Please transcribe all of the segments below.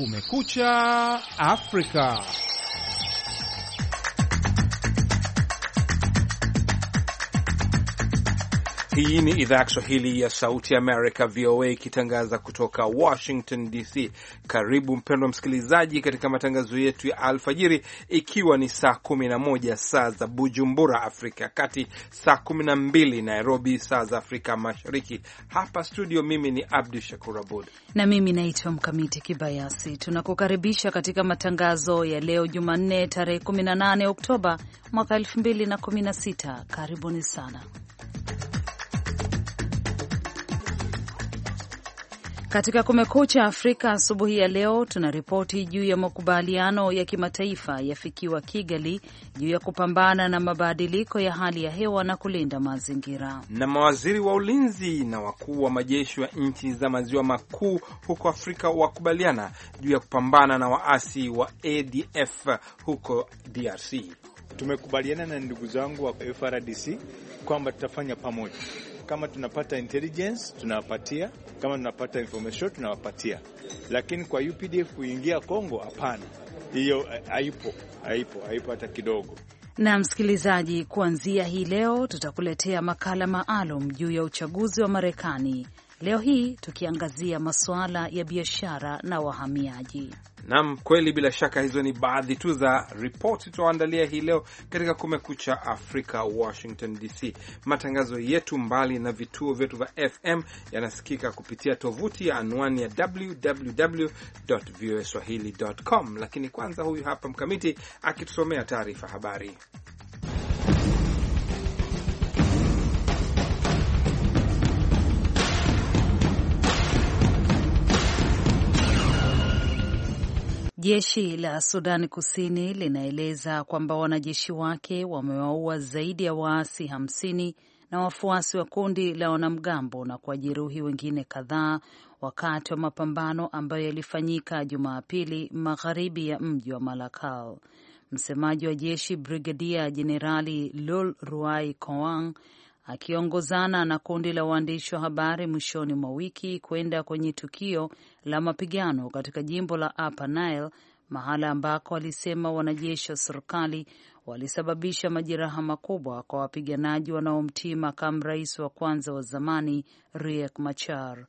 Kumekucha Afrika. Hii ni idhaa ya Kiswahili ya Sauti Amerika, VOA, ikitangaza kutoka Washington DC. Karibu mpendwa msikilizaji, katika matangazo yetu ya alfajiri, ikiwa ni saa 11 saa za Bujumbura, Afrika ya Kati, saa 12 Nairobi, saa za Afrika Mashariki. Hapa studio, mimi ni Abdu Shakur Abud na mimi naitwa Mkamiti Kibayasi. Tunakukaribisha katika matangazo ya leo Jumanne, tarehe 18 Oktoba mwaka 2016. Karibuni sana. Katika Kumekucha Afrika asubuhi ya leo tuna ripoti juu ya makubaliano ya kimataifa yafikiwa Kigali juu ya kupambana na mabadiliko ya hali ya hewa na kulinda mazingira. Na mawaziri wa ulinzi na wakuu wa majeshi wa nchi za maziwa makuu huko Afrika wakubaliana juu ya kupambana na waasi wa ADF huko DRC. Tumekubaliana na ndugu zangu wa FRDC kwamba tutafanya pamoja kama tunapata intelligence tunawapatia, kama tunapata information tunawapatia, lakini kwa UPDF kuingia Kongo, hapana, hiyo eh, haipo, haipo, haipo hata kidogo. Na msikilizaji, kuanzia hii leo tutakuletea makala maalum juu ya uchaguzi wa Marekani. Leo hii tukiangazia masuala ya biashara na wahamiaji. Nam, kweli bila shaka, hizo ni baadhi tu za ripoti tunaoandalia hii leo katika Kumekucha Afrika, Washington DC. Matangazo yetu mbali na vituo vyetu vya FM yanasikika kupitia tovuti ya anwani ya www voa com, lakini kwanza, huyu hapa Mkamiti akitusomea taarifa habari. Jeshi la Sudani Kusini linaeleza kwamba wanajeshi wake wamewaua zaidi ya waasi hamsini na wafuasi wa kundi la wanamgambo na kuwajeruhi wengine kadhaa wakati wa mapambano ambayo yalifanyika Jumapili magharibi ya mji wa Malakal. Msemaji wa jeshi Brigadia Jenerali Lul Ruai coang akiongozana na kundi la waandishi wa habari mwishoni mwa wiki kwenda kwenye tukio la mapigano katika jimbo la Upper Nile, mahala ambako alisema wanajeshi wa serikali walisababisha majeraha makubwa kwa wapiganaji wanaomtii makamu rais wa kwanza wa zamani Riek Machar.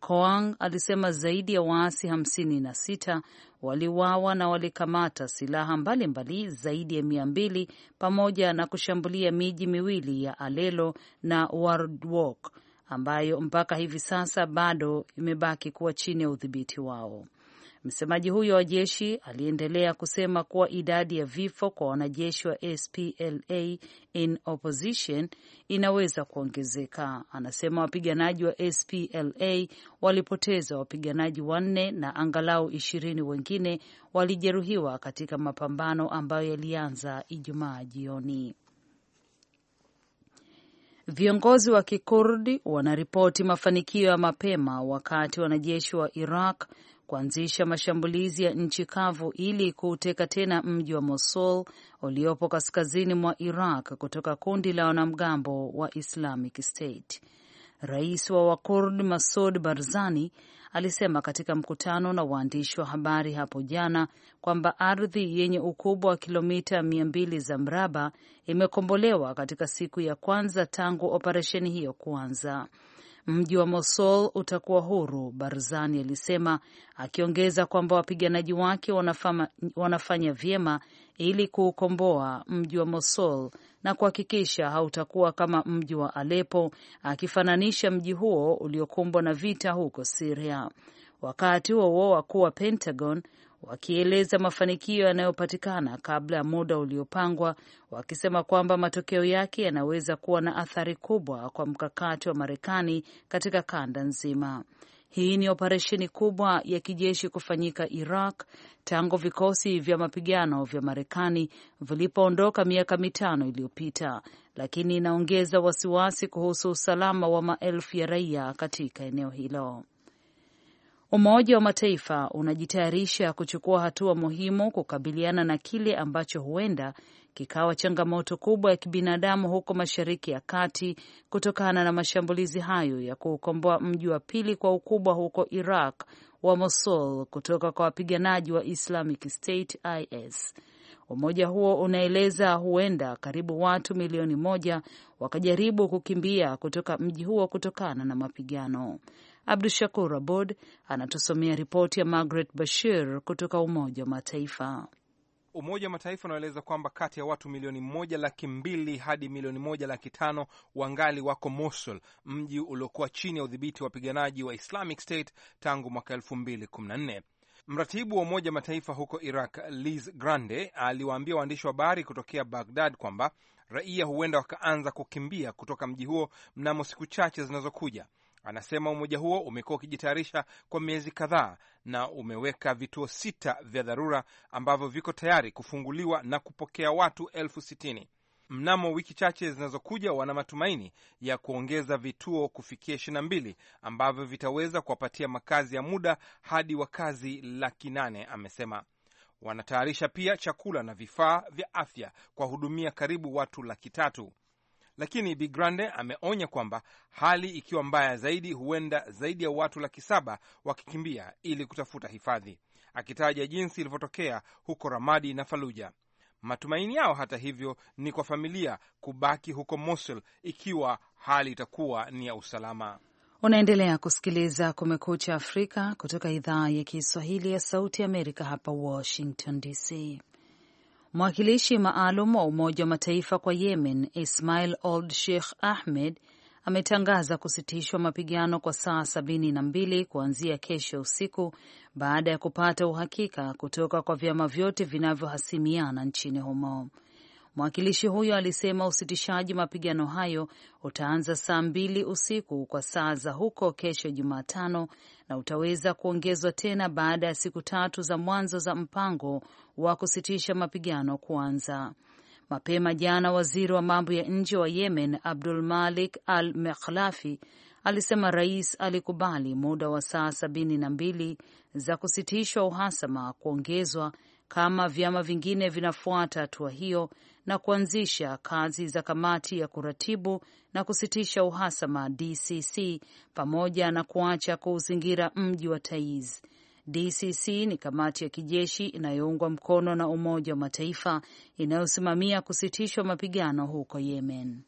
Koang alisema zaidi ya waasi hamsini na sita waliwawa na walikamata silaha mbalimbali mbali zaidi ya mia mbili pamoja na kushambulia miji miwili ya Alelo na Wardwok ambayo mpaka hivi sasa bado imebaki kuwa chini ya udhibiti wao. Msemaji huyo wa jeshi aliendelea kusema kuwa idadi ya vifo kwa wanajeshi wa SPLA in opposition inaweza kuongezeka. Anasema wapiganaji wa SPLA walipoteza wapiganaji wanne na angalau ishirini wengine walijeruhiwa katika mapambano ambayo yalianza Ijumaa jioni. Viongozi wa Kikurdi wanaripoti mafanikio ya mapema wakati wanajeshi wa Iraq kuanzisha mashambulizi ya nchi kavu ili kuuteka tena mji wa Mosul uliopo kaskazini mwa Iraq kutoka kundi la wanamgambo wa Islamic State. Rais wa Wakurd Masud Barzani alisema katika mkutano na waandishi wa habari hapo jana kwamba ardhi yenye ukubwa wa kilomita mia mbili za mraba imekombolewa katika siku ya kwanza tangu operesheni hiyo kuanza mji wa Mosul utakuwa huru, Barzani alisema, akiongeza kwamba wapiganaji wake wanafama, wanafanya vyema ili kuukomboa mji wa Mosul na kuhakikisha hautakuwa kama mji wa alepo akifananisha mji huo uliokumbwa na vita huko siria Wakati huo huo, wakuu wa Pentagon wakieleza mafanikio yanayopatikana kabla ya muda uliopangwa, wakisema kwamba matokeo yake yanaweza kuwa na athari kubwa kwa mkakati wa Marekani katika kanda nzima. Hii ni operesheni kubwa ya kijeshi kufanyika Iraq tangu vikosi vya mapigano vya Marekani vilipoondoka miaka mitano iliyopita, lakini inaongeza wasiwasi kuhusu usalama wa maelfu ya raia katika eneo hilo. Umoja wa Mataifa unajitayarisha kuchukua hatua muhimu kukabiliana na kile ambacho huenda kikawa changamoto kubwa ya kibinadamu huko Mashariki ya Kati kutokana na mashambulizi hayo ya kuukomboa mji wa pili kwa ukubwa huko Iraq wa Mosul kutoka kwa wapiganaji wa Islamic State IS. Umoja huo unaeleza huenda karibu watu milioni moja wakajaribu kukimbia kutoka mji huo kutokana na mapigano. Abdu Shakur Abod anatusomea ripoti ya Margaret Bashir kutoka Umoja wa Mataifa. Umoja wa Mataifa unaeleza kwamba kati ya watu milioni moja laki mbili hadi milioni moja laki tano wangali wako Mosul, mji uliokuwa chini ya udhibiti wa wapiganaji wa Islamic State tangu mwaka elfu mbili kumi na nne. Mratibu wa Umoja Mataifa huko Iraq, Liz Grande, aliwaambia waandishi wa habari kutokea Baghdad kwamba raia huenda wakaanza kukimbia kutoka mji huo mnamo siku chache zinazokuja, Anasema umoja huo umekuwa ukijitayarisha kwa miezi kadhaa na umeweka vituo sita vya dharura ambavyo viko tayari kufunguliwa na kupokea watu elfu sitini. Mnamo wiki chache zinazokuja, wana matumaini ya kuongeza vituo kufikia ishirini na mbili ambavyo vitaweza kuwapatia makazi ya muda hadi wakazi laki nane, amesema. Wanatayarisha pia chakula na vifaa vya afya kuwahudumia karibu watu laki tatu lakini Bi Grande ameonya kwamba hali ikiwa mbaya zaidi, huenda zaidi ya watu laki saba wakikimbia ili kutafuta hifadhi, akitaja jinsi ilivyotokea huko Ramadi na Faluja. Matumaini yao hata hivyo ni kwa familia kubaki huko Mosul ikiwa hali itakuwa ni ya usalama. Unaendelea kusikiliza Kumekucha Afrika kutoka idhaa ya Kiswahili ya Sauti ya Amerika, hapa Washington DC. Mwakilishi maalum wa Umoja wa Mataifa kwa Yemen, Ismail Old Sheikh Ahmed, ametangaza kusitishwa mapigano kwa saa sabini na mbili kuanzia kesho usiku baada ya kupata uhakika kutoka kwa vyama vyote vinavyohasimiana nchini humo. Mwakilishi huyo alisema usitishaji mapigano hayo utaanza saa mbili usiku kwa saa za huko kesho Jumatano, na utaweza kuongezwa tena baada ya siku tatu za mwanzo za mpango wa kusitisha mapigano kuanza. Mapema jana, waziri wa mambo ya nje wa Yemen Abdul Malik Al Mekhlafi alisema rais alikubali muda wa saa sabini na mbili za kusitishwa uhasama kuongezwa kama vyama vingine vinafuata hatua hiyo na kuanzisha kazi za kamati ya kuratibu na kusitisha uhasama DCC pamoja na kuacha kuuzingira mji wa Taiz. DCC ni kamati ya kijeshi inayoungwa mkono na Umoja wa Mataifa inayosimamia kusitishwa mapigano huko Yemen.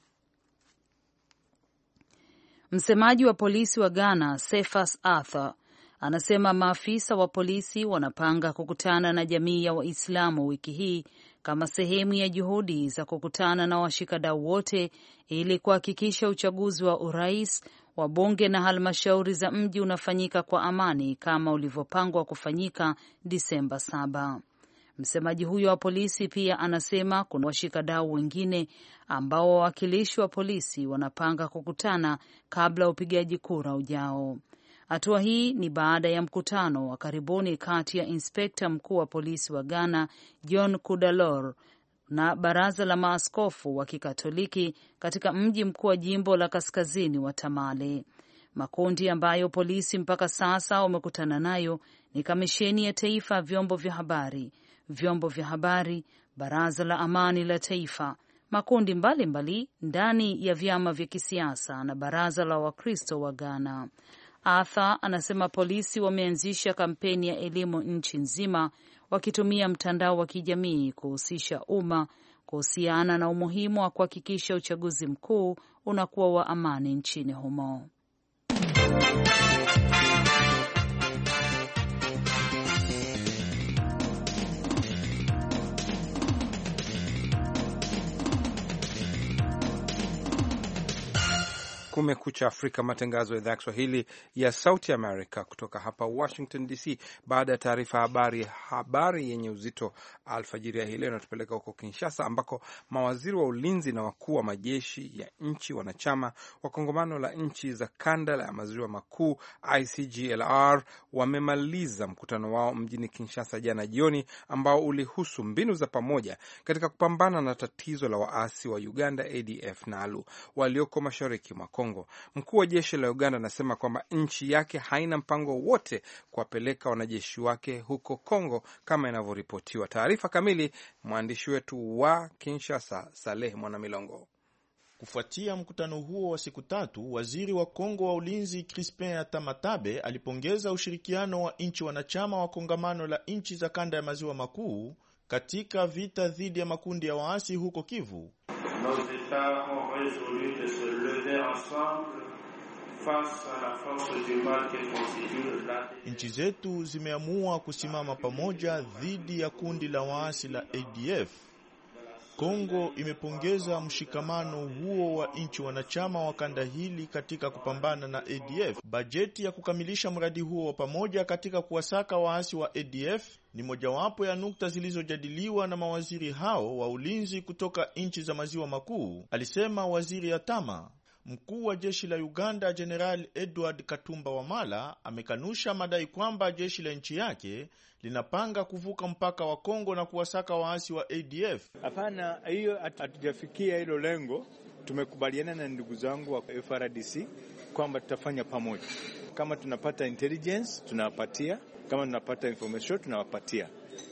Msemaji wa polisi wa Ghana Cephas Arthur anasema maafisa wa polisi wanapanga kukutana na jamii ya Waislamu wiki hii kama sehemu ya juhudi za kukutana na washikadau wote ili kuhakikisha uchaguzi wa urais wa bunge na halmashauri za mji unafanyika kwa amani kama ulivyopangwa kufanyika Disemba saba Msemaji huyo wa polisi pia anasema kuna washikadau wengine ambao wawakilishi wa polisi wanapanga kukutana kabla upigaji kura ujao. Hatua hii ni baada ya mkutano wa karibuni kati ya inspekta mkuu wa polisi wa Ghana John Kudalor na baraza la maaskofu wa Kikatoliki katika mji mkuu wa jimbo la kaskazini wa Tamale. Makundi ambayo polisi mpaka sasa wamekutana nayo ni Kamisheni ya Taifa ya Vyombo vya Habari, vyombo vya habari, Baraza la Amani la Taifa, makundi mbalimbali mbali ndani ya vyama vya kisiasa na Baraza la Wakristo wa Ghana. Arthur anasema polisi wameanzisha kampeni ya elimu nchi nzima wakitumia mtandao wa kijamii kuhusisha umma kuhusiana na umuhimu wa kuhakikisha uchaguzi mkuu unakuwa wa amani nchini humo. Kumekucha Afrika, matangazo ya idhaa ya Kiswahili ya Sauti Amerika kutoka hapa Washington DC. Baada ya taarifa habari, habari yenye uzito alfajiri ya hii leo inatupeleka huko Kinshasa, ambako mawaziri wa ulinzi na wakuu wa majeshi ya nchi wanachama wa kongamano la nchi za kanda la maziwa makuu ICGLR wamemaliza mkutano wao mjini Kinshasa jana jioni, ambao ulihusu mbinu za pamoja katika kupambana na tatizo la waasi wa Uganda ADF NALU walioko mashariki mwa Kongo. Kongo. Mkuu wa jeshi la Uganda anasema kwamba nchi yake haina mpango wote kuwapeleka wanajeshi wake huko Kongo kama inavyoripotiwa. Taarifa kamili mwandishi wetu wa Kinshasa, Saleh Mwanamilongo. Kufuatia mkutano huo wa siku tatu, waziri wa Kongo wa ulinzi Crispin Atamatabe alipongeza ushirikiano wa nchi wanachama wa kongamano la nchi za kanda ya maziwa makuu katika vita dhidi ya makundi ya waasi huko Kivu. Nchi zetu zimeamua kusimama pamoja dhidi ya kundi la waasi la ADF. Kongo imepongeza mshikamano huo wa nchi wanachama wa kanda hili katika kupambana na ADF. Bajeti ya kukamilisha mradi huo wa pamoja katika kuwasaka waasi wa ADF ni mojawapo ya nukta zilizojadiliwa na mawaziri hao wa ulinzi kutoka nchi za maziwa makuu, alisema Waziri Atama. Mkuu wa jeshi la Uganda Jenerali Edward Katumba Wamala amekanusha madai kwamba jeshi la nchi yake linapanga kuvuka mpaka wa Kongo na kuwasaka waasi wa ADF. Hapana, hiyo hatujafikia hilo lengo. Tumekubaliana na ndugu zangu wa FRDC kwamba tutafanya pamoja. Kama tunapata intelligence tunawapatia, kama tunapata information tunawapatia,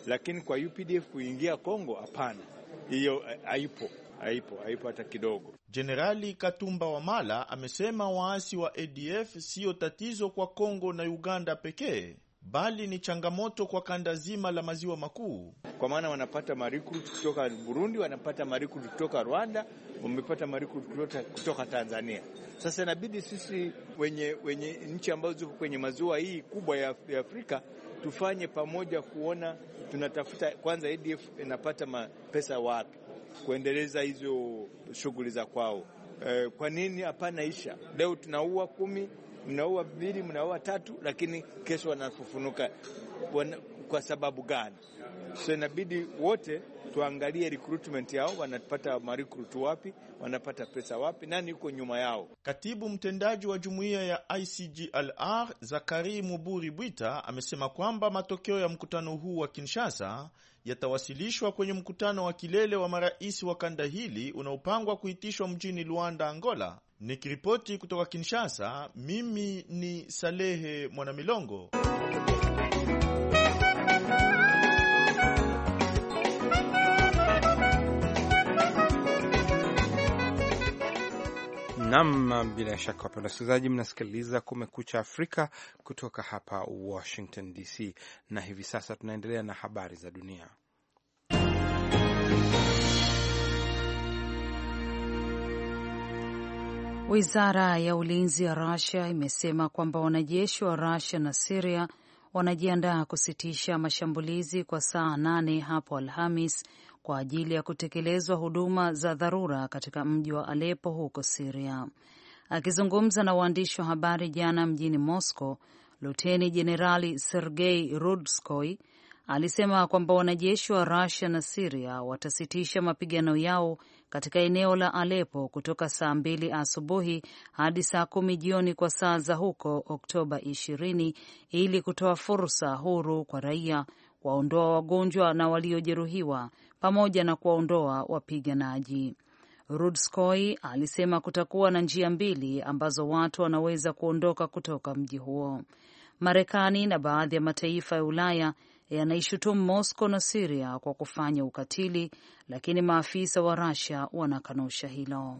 lakini kwa UPDF kuingia Kongo, hapana, hiyo eh, haipo haipo, haipo hata kidogo. Jenerali Katumba Wamala amesema waasi wa ADF siyo tatizo kwa Kongo na Uganda pekee bali ni changamoto kwa kanda zima la maziwa makuu, kwa maana wanapata marikrut kutoka Burundi, wanapata marikruti kutoka Rwanda, wamepata marikruti kutoka Tanzania. Sasa inabidi sisi wenye, wenye nchi ambazo ziko kwenye maziwa hii kubwa ya Afrika tufanye pamoja kuona tunatafuta kwanza, ADF inapata pesa wapi kuendeleza hizo shughuli za kwao. E, kwa nini hapana isha? Leo tunaua kumi, mnaua mbili, mnaua tatu, lakini kesho wanafufunuka wana, kwa sababu gani? So inabidi wote tuangalie recruitment yao, wanapata marecruit wapi, wanapata pesa wapi, nani yuko nyuma yao. Katibu mtendaji wa jumuiya ya ICGLR Zakari Muburi Bwita amesema kwamba matokeo ya mkutano huu wa Kinshasa yatawasilishwa kwenye mkutano wa kilele wa marais wa kanda hili unaopangwa kuitishwa mjini Luanda, Angola. Nikiripoti kutoka Kinshasa, mimi ni Salehe Mwanamilongo. Nam, bila shaka wapenda wasikilizaji, mnasikiliza Kumekucha Afrika kutoka hapa Washington DC, na hivi sasa tunaendelea na habari za dunia. Wizara ya ulinzi ya rasia imesema kwamba wanajeshi wa rusia na siria wanajiandaa kusitisha mashambulizi kwa saa nane hapo Alhamis kwa ajili ya kutekelezwa huduma za dharura katika mji wa Aleppo huko Siria. Akizungumza na waandishi wa habari jana mjini Moscow, Luteni Jenerali Sergei Rudskoy alisema kwamba wanajeshi wa rasia na Siria watasitisha mapigano yao katika eneo la Alepo kutoka saa mbili asubuhi hadi saa kumi jioni kwa saa za huko Oktoba ishirini ili kutoa fursa huru kwa raia, waondoa wagonjwa na waliojeruhiwa pamoja na kuwaondoa wapiganaji. Rudskoy alisema kutakuwa na njia mbili ambazo watu wanaweza kuondoka kutoka mji huo. Marekani na baadhi ya mataifa ya Ulaya yanaishutumu Moscow na Siria kwa kufanya ukatili, lakini maafisa wa Russia wanakanusha hilo.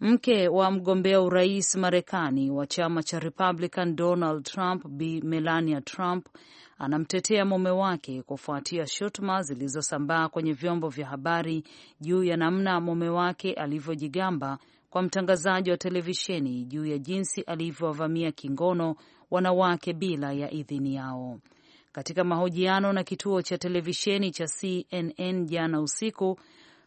Mke wa mgombea urais Marekani wa chama cha Republican Donald Trump, Bi Melania Trump anamtetea mume wake kufuatia shutuma zilizosambaa kwenye vyombo vya habari juu ya namna mume wake alivyojigamba kwa mtangazaji wa televisheni juu ya jinsi alivyowavamia kingono wanawake bila ya idhini yao. Katika mahojiano na kituo cha televisheni cha CNN jana usiku,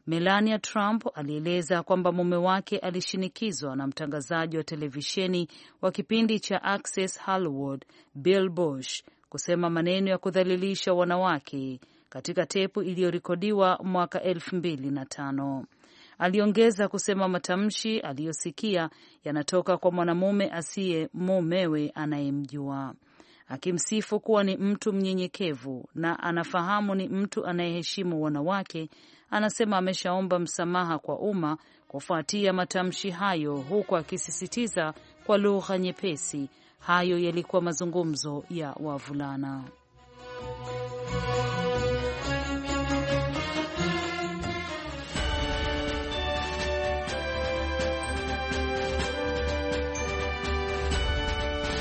Melania Trump alieleza kwamba mume wake alishinikizwa na mtangazaji wa televisheni wa kipindi cha Access Hollywood Bill Bush kusema maneno ya kudhalilisha wanawake katika tepu iliyorekodiwa mwaka elfu mbili na tano. Aliongeza kusema matamshi aliyosikia yanatoka kwa mwanamume asiye mumewe anayemjua, akimsifu kuwa ni mtu mnyenyekevu na anafahamu ni mtu anayeheshimu wanawake anasema ameshaomba msamaha kwa umma kufuatia matamshi hayo, huku akisisitiza kwa lugha nyepesi, hayo yalikuwa mazungumzo ya wavulana.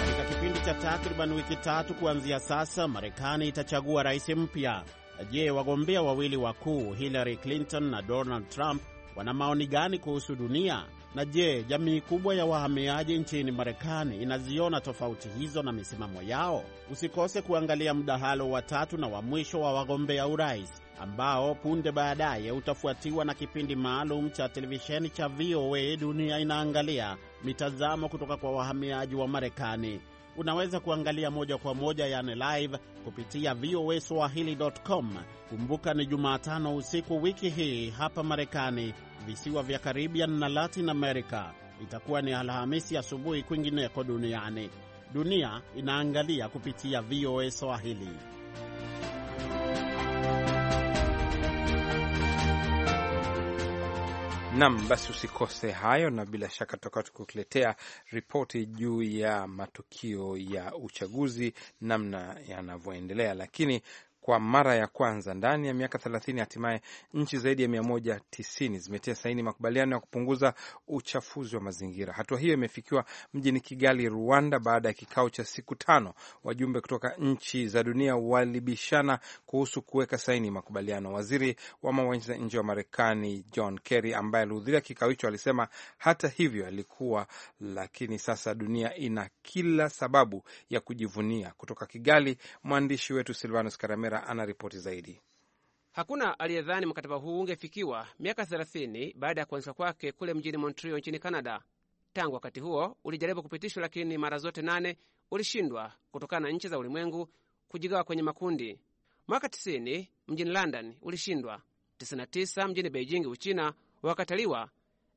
Katika kipindi cha takriban wiki tatu kuanzia sasa, Marekani itachagua rais mpya. Je, wagombea wawili wakuu Hillary Clinton na Donald Trump wana maoni gani kuhusu dunia? Na je, jamii kubwa ya wahamiaji nchini Marekani inaziona tofauti hizo na misimamo yao? Usikose kuangalia mdahalo wa tatu na wa mwisho wa wagombea urais ambao punde baadaye utafuatiwa na kipindi maalum cha televisheni cha VOA Dunia Inaangalia, mitazamo kutoka kwa wahamiaji wa Marekani unaweza kuangalia moja kwa moja, yani live kupitia VOA swahili.com. Kumbuka ni Jumatano usiku wiki hii hapa Marekani, visiwa vya Caribbean na Latin America itakuwa ni Alhamisi asubuhi kwingineko duniani. Dunia inaangalia kupitia VOA Swahili. Nam, basi usikose hayo, na bila shaka tutakuwa tukikuletea ripoti juu ya matukio ya uchaguzi namna yanavyoendelea. Lakini kwa mara ya kwanza ndani ya miaka thelathini. Hatimaye nchi zaidi ya mia moja tisini zimetia saini makubaliano ya kupunguza uchafuzi wa mazingira. Hatua hiyo imefikiwa mjini Kigali, Rwanda, baada ya kikao cha siku tano. Wajumbe kutoka nchi za dunia walibishana kuhusu kuweka saini makubaliano. Waziri wa mambo ya nje wa Marekani John Kerry, ambaye alihudhuria kikao hicho, alisema hata hivyo alikuwa, lakini sasa dunia ina kila sababu ya kujivunia. Kutoka Kigali, mwandishi wetu Silvanus Karamera Wandera ana ripoti zaidi. Hakuna aliyedhani mkataba huu ungefikiwa miaka 30 baada ya kuanzishwa kwake kule mjini Montreal nchini Canada. Tangu wakati huo ulijaribu kupitishwa, lakini mara zote nane ulishindwa kutokana na nchi za ulimwengu kujigawa kwenye makundi. Mwaka 90 mjini London ulishindwa, 99 mjini Beijing Uchina wakataliwa,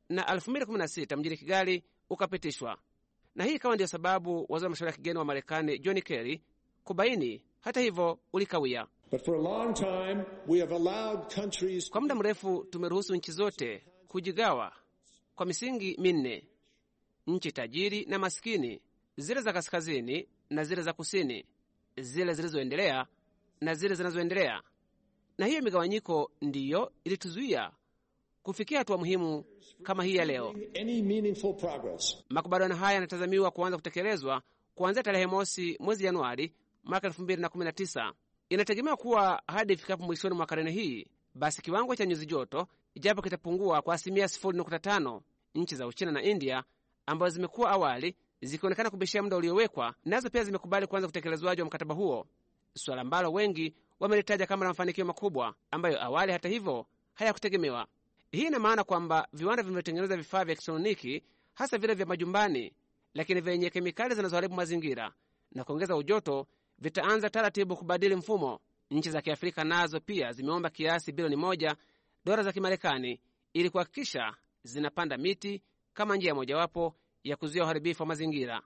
na 2016 mjini Kigali ukapitishwa. Na hii ikawa ndiyo sababu waziri wa mashauri ya kigeni wa Marekani John Kerry kubaini. Hata hivyo ulikawia. Countries... kwa muda mrefu tumeruhusu nchi zote kujigawa kwa misingi minne: nchi tajiri na masikini, zile za kaskazini na zile za kusini, zile zilizoendelea na zile zinazoendelea. Na hiyo migawanyiko ndiyo ilituzuia kufikia hatua muhimu kama hii ya leo. Makubaliano haya yanatazamiwa kuanza kutekelezwa kuanzia tarehe mosi mwezi Januari mwaka 2019. Inategemewa kuwa hadi ifikapo mwishoni mwa karne hii, basi kiwango cha nyuzi joto ijapo kitapungua kwa asilimia 0.5. Nchi za Uchina na India ambazo zimekuwa awali zikionekana kubishia muda uliowekwa, nazo pia zimekubali kuanza kutekelezwaji wa mkataba huo, suala ambalo wengi wamelitaja kama la mafanikio makubwa ambayo awali hata hivyo hayakutegemewa. Hii ina maana kwamba viwanda vinavyotengeneza vifaa vya elektroniki, hasa vile vya majumbani, lakini vyenye kemikali zinazoharibu mazingira na kuongeza ujoto, vitaanza taratibu kubadili mfumo. Nchi za Kiafrika nazo pia zimeomba kiasi bilioni moja dola za Kimarekani ili kuhakikisha zinapanda miti kama njia mojawapo ya kuzuia uharibifu wa mazingira.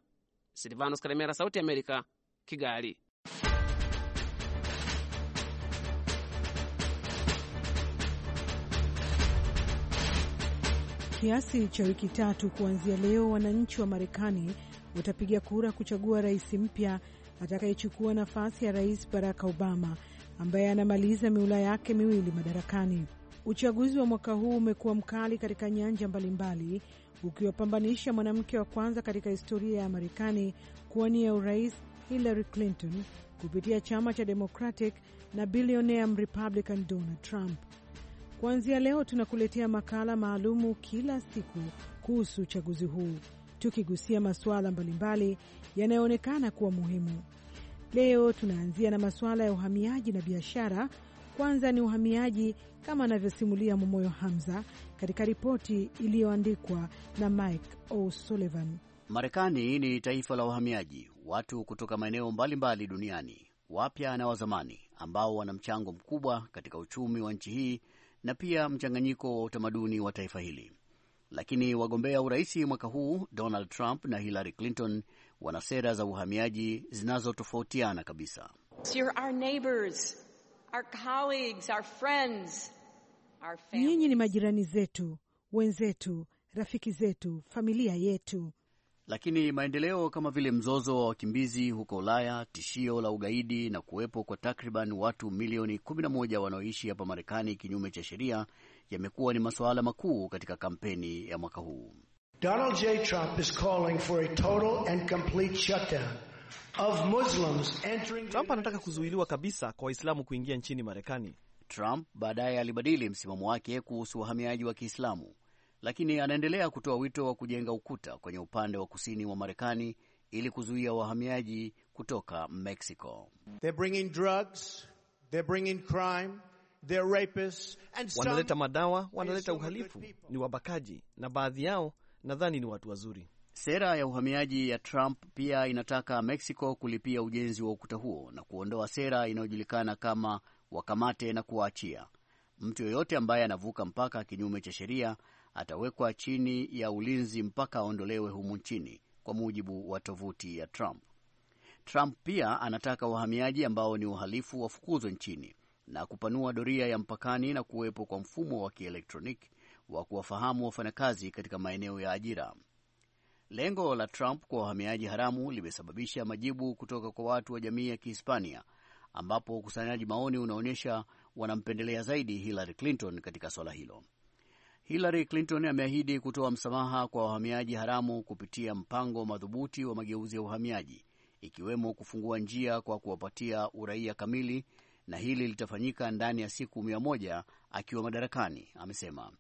Silvanos Karemera, Sauti ya Amerika, Kigali. Kiasi cha wiki tatu kuanzia leo, wananchi wa Marekani watapiga kura kuchagua rais mpya atakayechukua nafasi ya Rais Barack Obama ambaye anamaliza miula yake miwili madarakani. Uchaguzi wa mwaka huu umekuwa mkali katika nyanja mbalimbali, ukiwapambanisha mwanamke wa kwanza katika historia ya Marekani kuwania urais Hillary Clinton kupitia chama cha Democratic na bilionea Mrepublican Donald Trump. Kuanzia leo tunakuletea makala maalumu kila siku kuhusu uchaguzi huu tukigusia masuala mbalimbali yanayoonekana kuwa muhimu. Leo tunaanzia na masuala ya uhamiaji na biashara. Kwanza ni uhamiaji, kama anavyosimulia Momoyo Hamza katika ripoti iliyoandikwa na Mike O'Sullivan. Marekani ni taifa la uhamiaji, watu kutoka maeneo mbalimbali duniani, wapya na wazamani, ambao wana mchango mkubwa katika uchumi wa nchi hii na pia mchanganyiko wa utamaduni wa taifa hili. Lakini wagombea urais mwaka huu Donald Trump na Hillary Clinton wana sera za uhamiaji zinazotofautiana kabisa. Nyinyi ni majirani zetu, wenzetu, rafiki zetu, familia yetu. Lakini maendeleo kama vile mzozo wa wakimbizi huko Ulaya, tishio la ugaidi na kuwepo kwa takriban watu milioni 11 wanaoishi hapa Marekani kinyume cha sheria yamekuwa ni masuala makuu katika kampeni ya mwaka huu. Donald J. Trump is calling for a total and complete shutdown of Muslims entering... Trump anataka kuzuiliwa kabisa kwa Waislamu kuingia nchini Marekani. Trump baadaye alibadili msimamo wake kuhusu wahamiaji wa Kiislamu, lakini anaendelea kutoa wito wa kujenga ukuta kwenye upande wa kusini wa Marekani ili kuzuia wahamiaji kutoka Mexico. They're bringing drugs, they're bringing crime wanaleta madawa, wanaleta uhalifu, ni wabakaji, na baadhi yao nadhani ni watu wazuri. Sera ya uhamiaji ya Trump pia inataka Mexico kulipia ujenzi wa ukuta huo na kuondoa sera inayojulikana kama wakamate na kuwaachia. Mtu yoyote ambaye anavuka mpaka kinyume cha sheria atawekwa chini ya ulinzi mpaka aondolewe humu nchini, kwa mujibu wa tovuti ya Trump. Trump pia anataka wahamiaji ambao ni uhalifu wafukuzwe nchini na kupanua doria ya mpakani na kuwepo kwa mfumo wa kielektroniki wa kuwafahamu wafanyakazi katika maeneo ya ajira. Lengo la Trump kwa wahamiaji haramu limesababisha majibu kutoka kwa watu wa jamii ya Kihispania, ambapo ukusanyaji maoni unaonyesha wanampendelea zaidi Hillary Clinton katika swala hilo. Hillary Clinton ameahidi kutoa msamaha kwa wahamiaji haramu kupitia mpango madhubuti wa mageuzi ya uhamiaji, ikiwemo kufungua njia kwa kuwapatia uraia kamili na hili litafanyika ndani ya siku mia moja akiwa madarakani, amesema.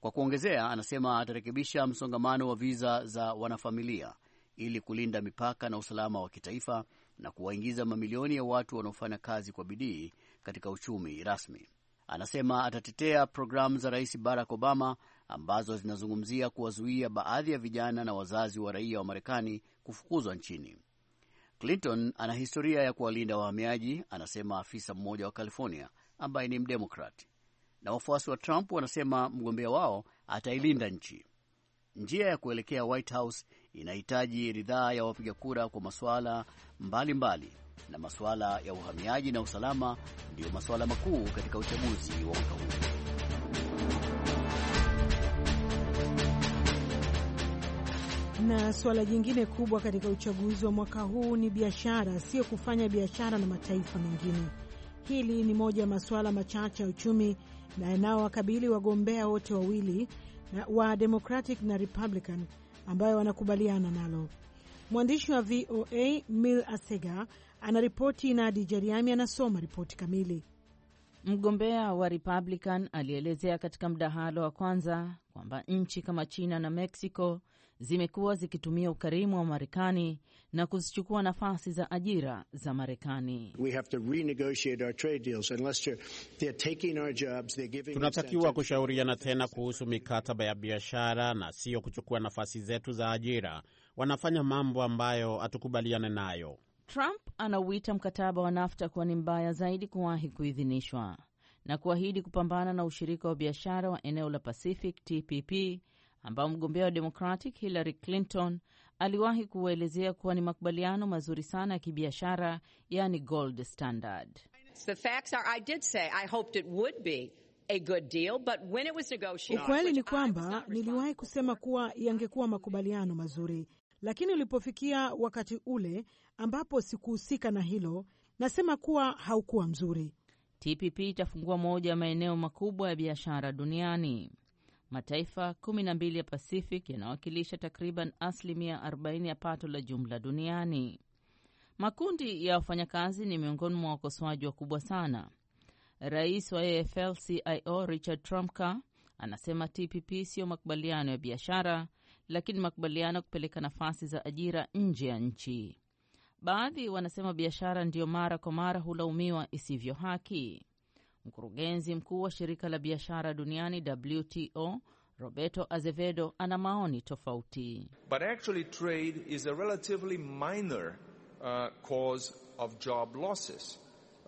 Kwa kuongezea, anasema atarekebisha msongamano wa viza za wanafamilia ili kulinda mipaka na usalama wa kitaifa na kuwaingiza mamilioni ya watu wanaofanya kazi kwa bidii katika uchumi rasmi. Anasema atatetea programu za Rais Barack Obama ambazo zinazungumzia kuwazuia baadhi ya vijana na wazazi wa raia wa Marekani kufukuzwa nchini. Clinton ana historia ya kuwalinda wahamiaji, anasema afisa mmoja wa California ambaye ni Mdemokrat, na wafuasi wa Trump wanasema mgombea wao atailinda nchi. Njia ya kuelekea White House inahitaji ridhaa ya wapiga kura kwa masuala mbalimbali, na masuala ya uhamiaji na usalama ndiyo masuala makuu katika uchaguzi wa mwaka huu. Na suala jingine kubwa katika uchaguzi wa mwaka huu ni biashara, sio kufanya biashara na mataifa mengine. Hili ni moja ya masuala machache ya uchumi na yanaowakabili wagombea wote wawili wa Democratic na Republican ambayo wanakubaliana nalo. Mwandishi wa VOA Mil Asega anaripoti na Adi Jeriami anasoma ripoti kamili. Mgombea wa Republican alielezea katika mdahalo wa kwanza kwamba nchi kama China na Mexico zimekuwa zikitumia ukarimu wa Marekani na kuzichukua nafasi za ajira za Marekani. Tunatakiwa kushauriana tena kuhusu mikataba ya biashara na sio kuchukua nafasi zetu za ajira. Wanafanya mambo ambayo hatukubaliane nayo. Trump anauita mkataba wa NAFTA kuwa ni mbaya zaidi kuwahi kuidhinishwa na kuahidi kupambana na ushirika wa biashara wa eneo la Pacific TPP ambao mgombea wa Democratic Hillary Clinton aliwahi kuwaelezea kuwa ni makubaliano mazuri sana ya kibiashara, yani gold standard. Ukweli ni kwamba niliwahi kusema kuwa yangekuwa makubaliano mazuri, lakini ulipofikia wakati ule ambapo sikuhusika na hilo, nasema kuwa haukuwa mzuri. TPP itafungua moja ya maeneo makubwa ya biashara duniani. Mataifa kumi na mbili ya Pacific yanawakilisha takriban asilimia 40 ya pato la jumla duniani. Makundi ya wafanyakazi ni miongoni mwa wakosoaji wakubwa sana. Rais wa AFL-CIO Richard Trumka anasema TPP siyo makubaliano ya biashara, lakini makubaliano ya kupeleka nafasi za ajira nje ya nchi. Baadhi wanasema biashara ndiyo mara kwa mara hulaumiwa isivyo haki. Mkurugenzi mkuu wa shirika la biashara duniani WTO Roberto Azevedo ana maoni tofauti. But actually trade is a relatively minor uh, cause of job losses.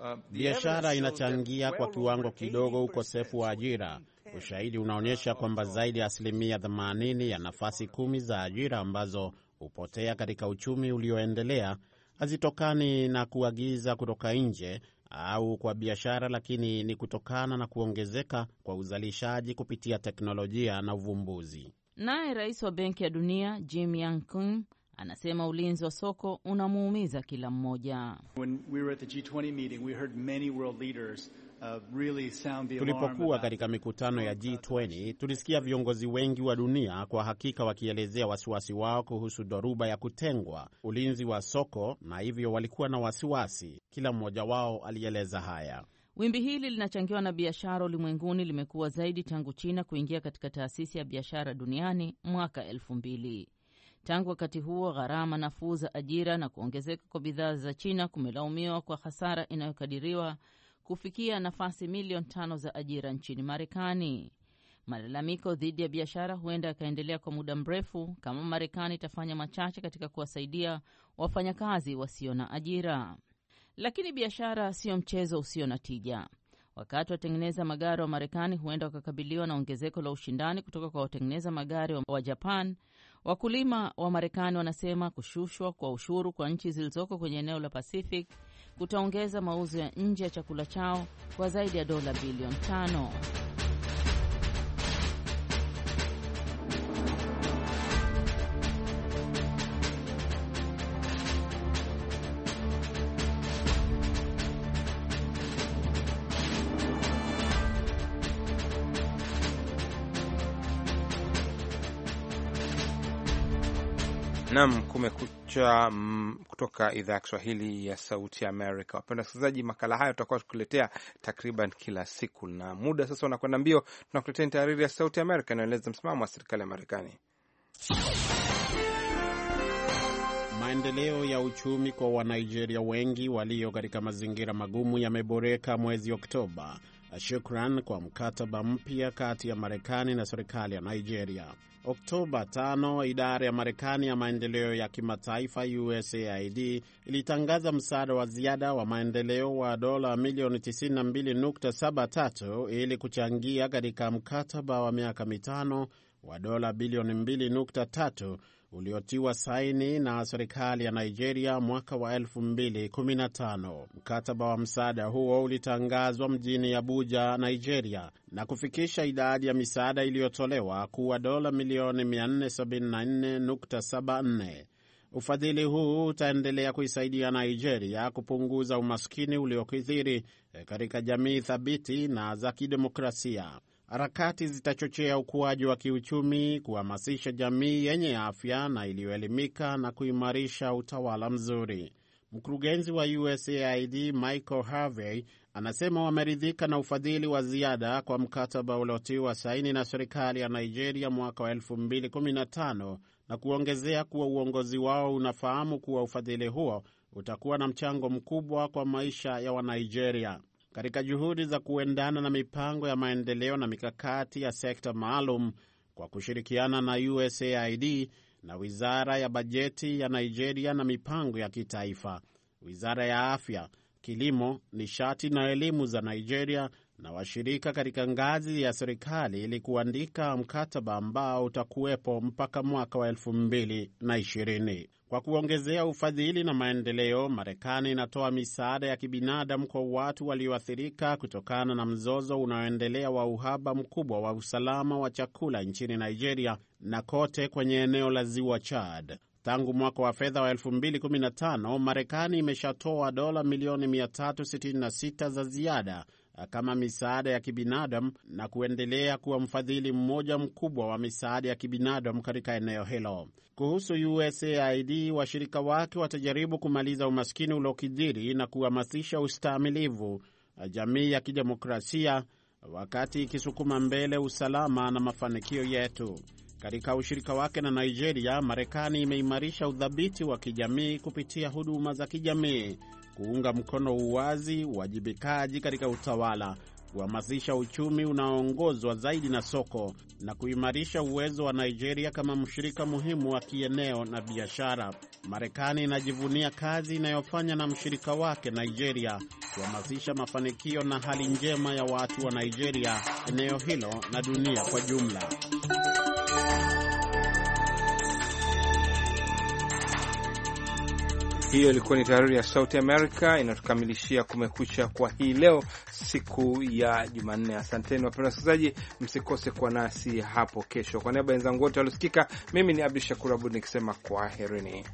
Uh, biashara inachangia kwa kiwango kidogo ukosefu wa ajira. Ushahidi unaonyesha uh, kwamba zaidi ya asilimia 80 ya nafasi kumi za ajira ambazo hupotea katika uchumi ulioendelea hazitokani na kuagiza kutoka nje au kwa biashara, lakini ni kutokana na kuongezeka kwa uzalishaji kupitia teknolojia na uvumbuzi. Naye rais wa Benki ya Dunia Jim Yang Kim anasema ulinzi wa soko unamuumiza kila mmoja. When we were at the G20 meeting, we heard many world leaders Tulipokuwa katika mikutano ya G20 tulisikia viongozi wengi wa dunia kwa hakika wakielezea wasiwasi wao kuhusu dhoruba ya kutengwa, ulinzi wa soko, na hivyo walikuwa na wasiwasi. Kila mmoja wao alieleza haya. Wimbi hili linachangiwa na biashara ulimwenguni, limekuwa zaidi tangu China kuingia katika taasisi ya biashara duniani mwaka elfu mbili. Tangu wakati huo gharama nafuu za ajira na kuongezeka kwa bidhaa za China kumelaumiwa kwa hasara inayokadiriwa kufikia nafasi milioni tano za ajira nchini Marekani. Malalamiko dhidi ya biashara huenda yakaendelea kwa muda mrefu kama Marekani itafanya machache katika kuwasaidia wafanyakazi wasio na ajira. Lakini biashara siyo mchezo usio na tija. Wakati watengeneza magari wa Marekani huenda wakakabiliwa na ongezeko la ushindani kutoka kwa watengeneza magari wa Japan. Wakulima wa Marekani wanasema kushushwa kwa ushuru kwa nchi zilizoko kwenye eneo la Pacific kutaongeza mauzo ya nje ya chakula chao kwa zaidi ya dola bilioni tano. Nam, kumekucha Kumekucha m, mm, kutoka idhaa ya Kiswahili ya Sauti ya Amerika. Wapenda wasikilizaji, makala haya tutakuwa tukuletea takriban kila siku, na muda sasa unakwenda mbio. Tunakuletea tahariri ya Sauti ya Amerika inayoeleza msimamo wa serikali ya Marekani. Maendeleo ya uchumi kwa Wanigeria wengi walio katika mazingira magumu yameboreka mwezi Oktoba, shukran kwa mkataba mpya kati ya Marekani na serikali ya Nigeria. Oktoba 5 idara ya Marekani ya maendeleo ya kimataifa USAID ilitangaza msaada wa ziada wa maendeleo wa dola milioni 92.73 ili kuchangia katika mkataba wa miaka mitano wa dola bilioni 2.3 uliotiwa saini na serikali ya Nigeria mwaka wa 2015. Mkataba wa msaada huo ulitangazwa mjini Abuja, Nigeria, na kufikisha idadi ya misaada iliyotolewa kuwa dola milioni 474.74. Ufadhili huu utaendelea kuisaidia Nigeria kupunguza umaskini uliokithiri eh, katika jamii thabiti na za kidemokrasia. Harakati zitachochea ukuaji wa kiuchumi, kuhamasisha jamii yenye afya na iliyoelimika na kuimarisha utawala mzuri. Mkurugenzi wa USAID Michael Harvey anasema wameridhika na ufadhili wa ziada kwa mkataba uliotiwa saini na serikali ya Nigeria mwaka wa 2015 na kuongezea kuwa uongozi wao unafahamu kuwa ufadhili huo utakuwa na mchango mkubwa kwa maisha ya Wanigeria katika juhudi za kuendana na mipango ya maendeleo na mikakati ya sekta maalum kwa kushirikiana na USAID na Wizara ya Bajeti ya Nigeria na mipango ya kitaifa, Wizara ya Afya, Kilimo, Nishati na Elimu za Nigeria na washirika katika ngazi ya serikali ili kuandika mkataba ambao utakuwepo mpaka mwaka wa 2020. Kwa kuongezea ufadhili na maendeleo, Marekani inatoa misaada ya kibinadamu kwa watu walioathirika kutokana na mzozo unaoendelea wa uhaba mkubwa wa usalama wa chakula nchini Nigeria na kote kwenye eneo la ziwa Chad. Tangu mwaka wa fedha wa 2015 Marekani imeshatoa dola milioni 366 za ziada kama misaada ya kibinadamu na kuendelea kuwa mfadhili mmoja mkubwa wa misaada ya kibinadamu katika eneo hilo. Kuhusu USAID, washirika wake watajaribu kumaliza umaskini uliokidhiri na kuhamasisha ustaamilivu jamii ya kidemokrasia, wakati ikisukuma mbele usalama na mafanikio yetu. Katika ushirika wake na Nigeria, Marekani imeimarisha udhabiti wa kijamii kupitia huduma za kijamii kuunga mkono uwazi, uwajibikaji katika utawala, kuhamasisha uchumi unaoongozwa zaidi na soko na kuimarisha uwezo wa Nigeria kama mshirika muhimu wa kieneo na biashara. Marekani inajivunia kazi inayofanya na mshirika wake Nigeria kuhamasisha mafanikio na hali njema ya watu wa Nigeria, eneo hilo na dunia kwa jumla. Hiyo ilikuwa ni tahariri ya Sauti Amerika inatukamilishia Kumekucha kwa hii leo, siku ya Jumanne. Asanteni wapenda wasikilizaji, msikose kuwa nasi hapo kesho. Kwa niaba ya wenzangu wote waliosikika, mimi ni Abdu Shakur Abud nikisema kwaherini.